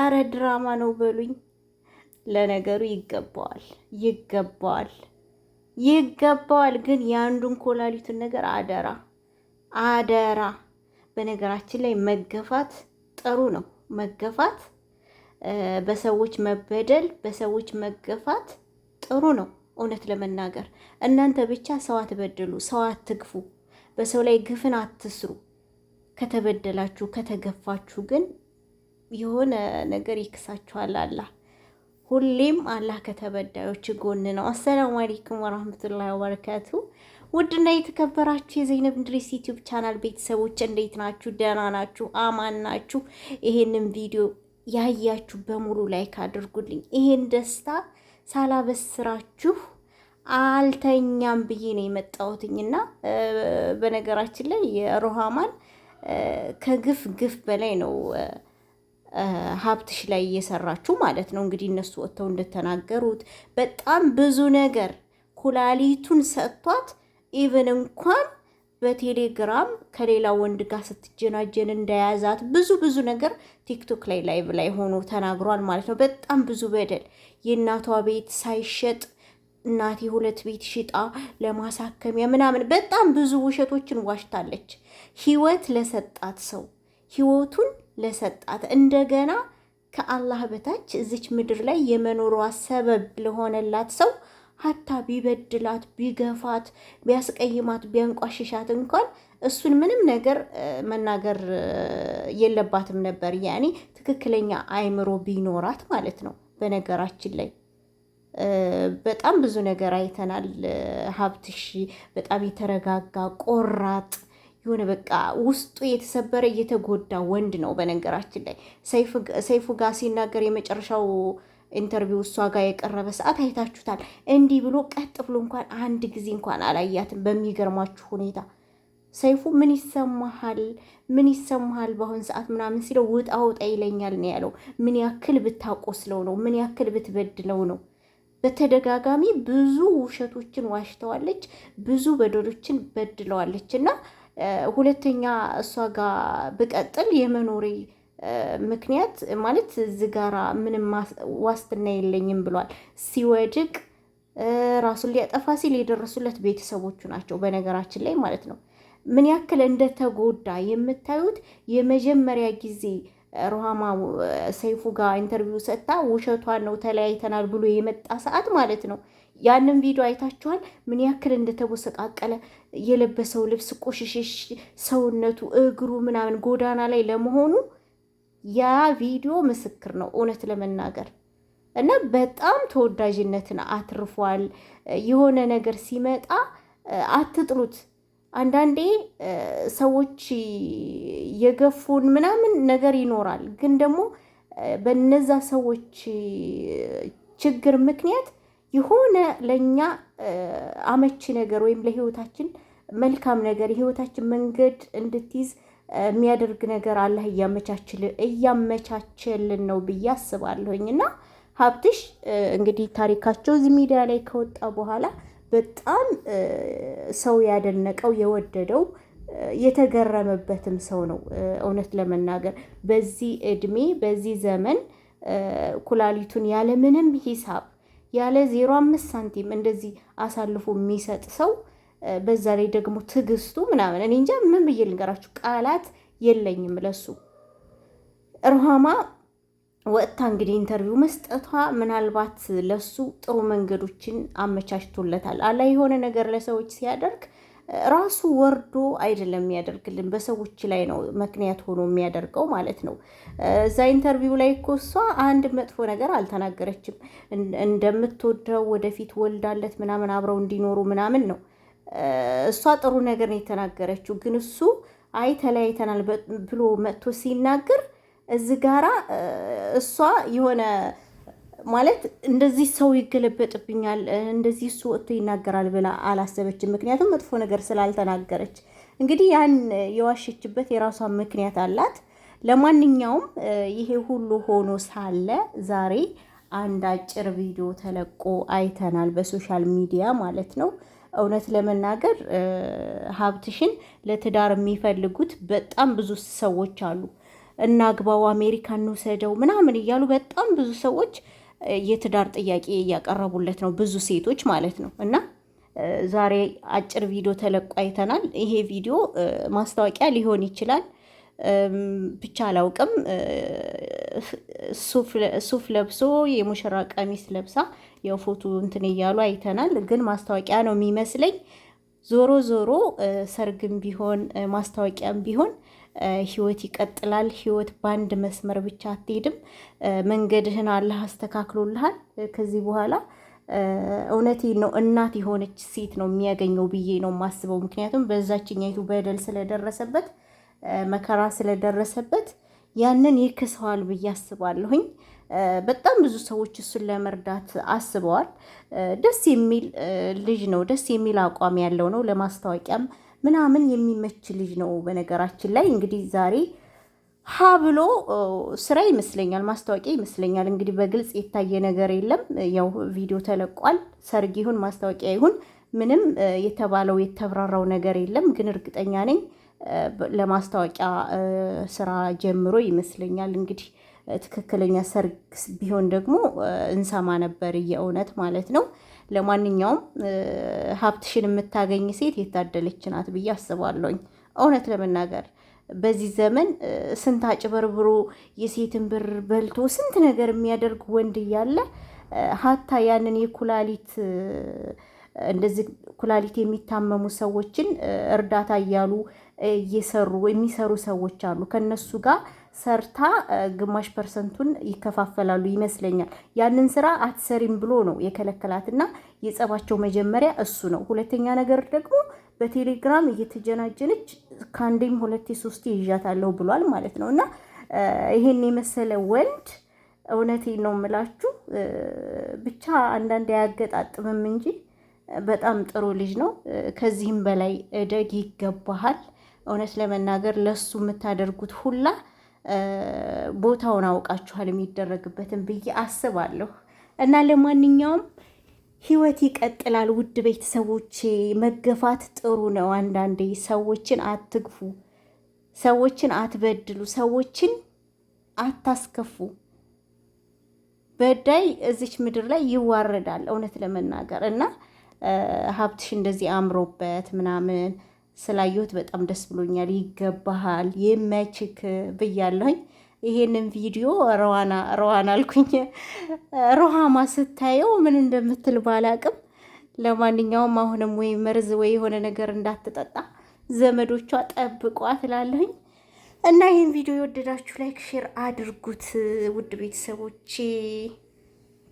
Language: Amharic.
አረ ድራማ ነው በሉኝ። ለነገሩ ይገባዋል ይገባዋል ይገባዋል። ግን የአንዱን ኮላሊቱን ነገር አደራ አደራ። በነገራችን ላይ መገፋት ጥሩ ነው። መገፋት፣ በሰዎች መበደል፣ በሰዎች መገፋት ጥሩ ነው። እውነት ለመናገር እናንተ ብቻ ሰው አትበድሉ፣ ሰው አትግፉ፣ በሰው ላይ ግፍን አትስሩ። ከተበደላችሁ ከተገፋችሁ ግን የሆነ ነገር ይክሳችኋል። አላህ ሁሌም አላህ ከተበዳዮች ጎን ነው። አሰላሙ አለይኩም ወራህመቱላሂ ወበረካቱ። ውድና የተከበራችሁ የዘይነብ እንድሪስ ዩቲዩብ ቻናል ቤተሰቦች እንዴት ናችሁ? ደህና ናችሁ? አማን ናችሁ? ይሄንን ቪዲዮ ያያችሁ በሙሉ ላይክ አድርጉልኝ። ይሄን ደስታ ሳላበስራችሁ አልተኛም ብዬ ነው የመጣሁትኝና በነገራችን ላይ የሮሃማን ከግፍ ግፍ በላይ ነው ሀብትሽ ላይ እየሰራችሁ ማለት ነው። እንግዲህ እነሱ ወጥተው እንደተናገሩት በጣም ብዙ ነገር ኩላሊቱን ሰጥቷት ኢቨን እንኳን በቴሌግራም ከሌላ ወንድ ጋር ስትጀናጀን እንደያዛት ብዙ ብዙ ነገር ቲክቶክ ላይ ላይቭ ላይ ሆኖ ተናግሯል ማለት ነው። በጣም ብዙ በደል የእናቷ ቤት ሳይሸጥ እናቴ ሁለት ቤት ሽጣ ለማሳከሚያ ምናምን በጣም ብዙ ውሸቶችን ዋሽታለች። ህይወት ለሰጣት ሰው ህይወቱን ለሰጣት እንደገና ከአላህ በታች እዚች ምድር ላይ የመኖሯ ሰበብ ለሆነላት ሰው ሀታ ቢበድላት፣ ቢገፋት፣ ቢያስቀይማት፣ ቢያንቋሽሻት እንኳን እሱን ምንም ነገር መናገር የለባትም ነበር። ያኔ ትክክለኛ አይምሮ ቢኖራት ማለት ነው። በነገራችን ላይ በጣም ብዙ ነገር አይተናል። ሀብትሺ በጣም የተረጋጋ ቆራጥ የሆነ በቃ ውስጡ የተሰበረ እየተጎዳ ወንድ ነው። በነገራችን ላይ ሰይፉ ጋር ሲናገር የመጨረሻው ኢንተርቪው እሷ ጋር የቀረበ ሰዓት አይታችሁታል። እንዲህ ብሎ ቀጥ ብሎ እንኳን አንድ ጊዜ እንኳን አላያትም። በሚገርማችሁ ሁኔታ ሰይፉ ምን ይሰማሃል፣ ምን ይሰማሃል በአሁን ሰዓት ምናምን ሲለው ውጣ ውጣ ይለኛል ነው ያለው። ምን ያክል ብታቆስለው ነው? ምን ያክል ብትበድለው ነው? በተደጋጋሚ ብዙ ውሸቶችን ዋሽተዋለች፣ ብዙ በደሎችን በድለዋለች እና ሁለተኛ እሷ ጋር ብቀጥል የመኖሪ ምክንያት ማለት እዚ ጋራ ምንም ዋስትና የለኝም ብሏል። ሲወድቅ ራሱን ሊያጠፋ ሲል የደረሱለት ቤተሰቦቹ ናቸው። በነገራችን ላይ ማለት ነው ምን ያክል እንደተጎዳ የምታዩት የመጀመሪያ ጊዜ ሩሃማ ሰይፉ ጋር ኢንተርቪው ሰጥታ ውሸቷን ነው ተለያይተናል ብሎ የመጣ ሰዓት ማለት ነው። ያንን ቪዲዮ አይታችኋል። ምን ያክል እንደተቦሰቃቀለ የለበሰው ልብስ ቆሽሽሽ፣ ሰውነቱ፣ እግሩ ምናምን ጎዳና ላይ ለመሆኑ ያ ቪዲዮ ምስክር ነው እውነት ለመናገር እና በጣም ተወዳጅነትን አትርፏል። የሆነ ነገር ሲመጣ አትጥሉት። አንዳንዴ ሰዎች የገፉን ምናምን ነገር ይኖራል። ግን ደግሞ በነዛ ሰዎች ችግር ምክንያት የሆነ ለእኛ አመቺ ነገር ወይም ለህይወታችን መልካም ነገር የህይወታችን መንገድ እንድትይዝ የሚያደርግ ነገር አላህ እያመቻችልን ነው ብዬ አስባለሁኝ። እና ሀብትሽ እንግዲህ ታሪካቸው እዚህ ሚዲያ ላይ ከወጣ በኋላ በጣም ሰው ያደነቀው የወደደው የተገረመበትም ሰው ነው። እውነት ለመናገር በዚህ እድሜ በዚህ ዘመን ኩላሊቱን ያለምንም ሂሳብ ያለ ዜሮ አምስት ሳንቲም እንደዚህ አሳልፎ የሚሰጥ ሰው በዛ ላይ ደግሞ ትዕግስቱ ምናምን እኔ እንጃ ምን ብዬ ልንገራችሁ፣ ቃላት የለኝም ለሱ ሩሃማ ወጥታ እንግዲህ ኢንተርቪው መስጠቷ ምናልባት ለሱ ጥሩ መንገዶችን አመቻችቶለታል። አላ የሆነ ነገር ለሰዎች ሲያደርግ ራሱ ወርዶ አይደለም የሚያደርግልን፣ በሰዎች ላይ ነው ምክንያት ሆኖ የሚያደርገው ማለት ነው። እዛ ኢንተርቪው ላይ እኮ እሷ አንድ መጥፎ ነገር አልተናገረችም። እንደምትወደው ወደፊት ወልዳለት ምናምን አብረው እንዲኖሩ ምናምን ነው እሷ ጥሩ ነገር ነው የተናገረችው። ግን እሱ አይ ተለያይተናል ብሎ መጥቶ ሲናገር እዚህ ጋራ እሷ የሆነ ማለት እንደዚህ ሰው ይገለበጥብኛል፣ እንደዚህ እሱ ወጥቶ ይናገራል ብላ አላሰበችም። ምክንያቱም መጥፎ ነገር ስላልተናገረች እንግዲህ ያን የዋሸችበት የራሷ ምክንያት አላት። ለማንኛውም ይሄ ሁሉ ሆኖ ሳለ ዛሬ አንድ አጭር ቪዲዮ ተለቆ አይተናል፣ በሶሻል ሚዲያ ማለት ነው። እውነት ለመናገር ሀብትሽን ለትዳር የሚፈልጉት በጣም ብዙ ሰዎች አሉ። እናግባው፣ አሜሪካ እንውሰደው ምናምን እያሉ በጣም ብዙ ሰዎች የትዳር ጥያቄ እያቀረቡለት ነው፣ ብዙ ሴቶች ማለት ነው። እና ዛሬ አጭር ቪዲዮ ተለቆ አይተናል። ይሄ ቪዲዮ ማስታወቂያ ሊሆን ይችላል ብቻ አላውቅም። ሱፍ ለብሶ የሙሽራ ቀሚስ ለብሳ ያው ፎቶ እንትን እያሉ አይተናል። ግን ማስታወቂያ ነው የሚመስለኝ። ዞሮ ዞሮ ሰርግም ቢሆን ማስታወቂያም ቢሆን ህይወት ይቀጥላል። ህይወት በአንድ መስመር ብቻ አትሄድም። መንገድህን አላህ አስተካክሎልሃል። ከዚህ በኋላ እውነቴ ነው እናት የሆነች ሴት ነው የሚያገኘው ብዬ ነው የማስበው። ምክንያቱም በዛችኛይቱ በደል ስለደረሰበት መከራ ስለደረሰበት ያንን ይክሰዋል ብዬ አስባለሁኝ። በጣም ብዙ ሰዎች እሱን ለመርዳት አስበዋል። ደስ የሚል ልጅ ነው። ደስ የሚል አቋም ያለው ነው። ለማስታወቂያም ምናምን የሚመች ልጅ ነው። በነገራችን ላይ እንግዲህ ዛሬ ሀ ብሎ ስራ ይመስለኛል፣ ማስታወቂያ ይመስለኛል። እንግዲህ በግልጽ የታየ ነገር የለም። ያው ቪዲዮ ተለቋል። ሰርግ ይሁን ማስታወቂያ ይሁን ምንም የተባለው የተብራራው ነገር የለም። ግን እርግጠኛ ነኝ ለማስታወቂያ ስራ ጀምሮ ይመስለኛል እንግዲህ ትክክለኛ ሰርግ ቢሆን ደግሞ እንሰማ ነበር የእውነት ማለት ነው። ለማንኛውም ሀብትሽን የምታገኝ ሴት የታደለች ናት ብዬ አስባለሁኝ። እውነት ለመናገር በዚህ ዘመን ስንት አጭበርብሮ የሴትን ብር በልቶ ስንት ነገር የሚያደርግ ወንድ እያለ ሀታ ያንን የኩላሊት እንደዚህ ኩላሊት የሚታመሙ ሰዎችን እርዳታ እያሉ እየሰሩ የሚሰሩ ሰዎች አሉ ከነሱ ጋር ሰርታ ግማሽ ፐርሰንቱን ይከፋፈላሉ ይመስለኛል። ያንን ስራ አትሰሪም ብሎ ነው የከለከላትና የጸባቸው መጀመሪያ እሱ ነው። ሁለተኛ ነገር ደግሞ በቴሌግራም እየተጀናጀነች ከአንዴም ሁለቴ ሶስቴ ይዣታለሁ ብሏል ማለት ነው። እና ይሄን የመሰለ ወንድ እውነቴ ነው የምላችሁ ብቻ አንዳንድ አያገጣጥምም እንጂ በጣም ጥሩ ልጅ ነው። ከዚህም በላይ እደግ ይገባሃል። እውነት ለመናገር ለሱ የምታደርጉት ሁላ ቦታውን አውቃችኋል የሚደረግበትን ብዬ አስባለሁ። እና ለማንኛውም ህይወት ይቀጥላል። ውድ ቤተሰቦቼ መገፋት ጥሩ ነው። አንዳንዴ ሰዎችን አትግፉ፣ ሰዎችን አትበድሉ፣ ሰዎችን አታስከፉ። በዳይ እዚች ምድር ላይ ይዋረዳል እውነት ለመናገር እና ሀብትሽ እንደዚህ አምሮበት ምናምን ስላየሁት በጣም ደስ ብሎኛል። ይገባሃል፣ ይመችክ ብያለሁኝ። ይሄንን ቪዲዮ ረዋና ረዋና አልኩኝ ሮሃማ ስታየው ምን እንደምትል ባላቅም፣ ለማንኛውም አሁንም ወይ መርዝ ወይ የሆነ ነገር እንዳትጠጣ ዘመዶቿ ጠብቋ ትላለሁኝ። እና ይህን ቪዲዮ የወደዳችሁ ላይክ፣ ሼር አድርጉት ውድ ቤተሰቦቼ።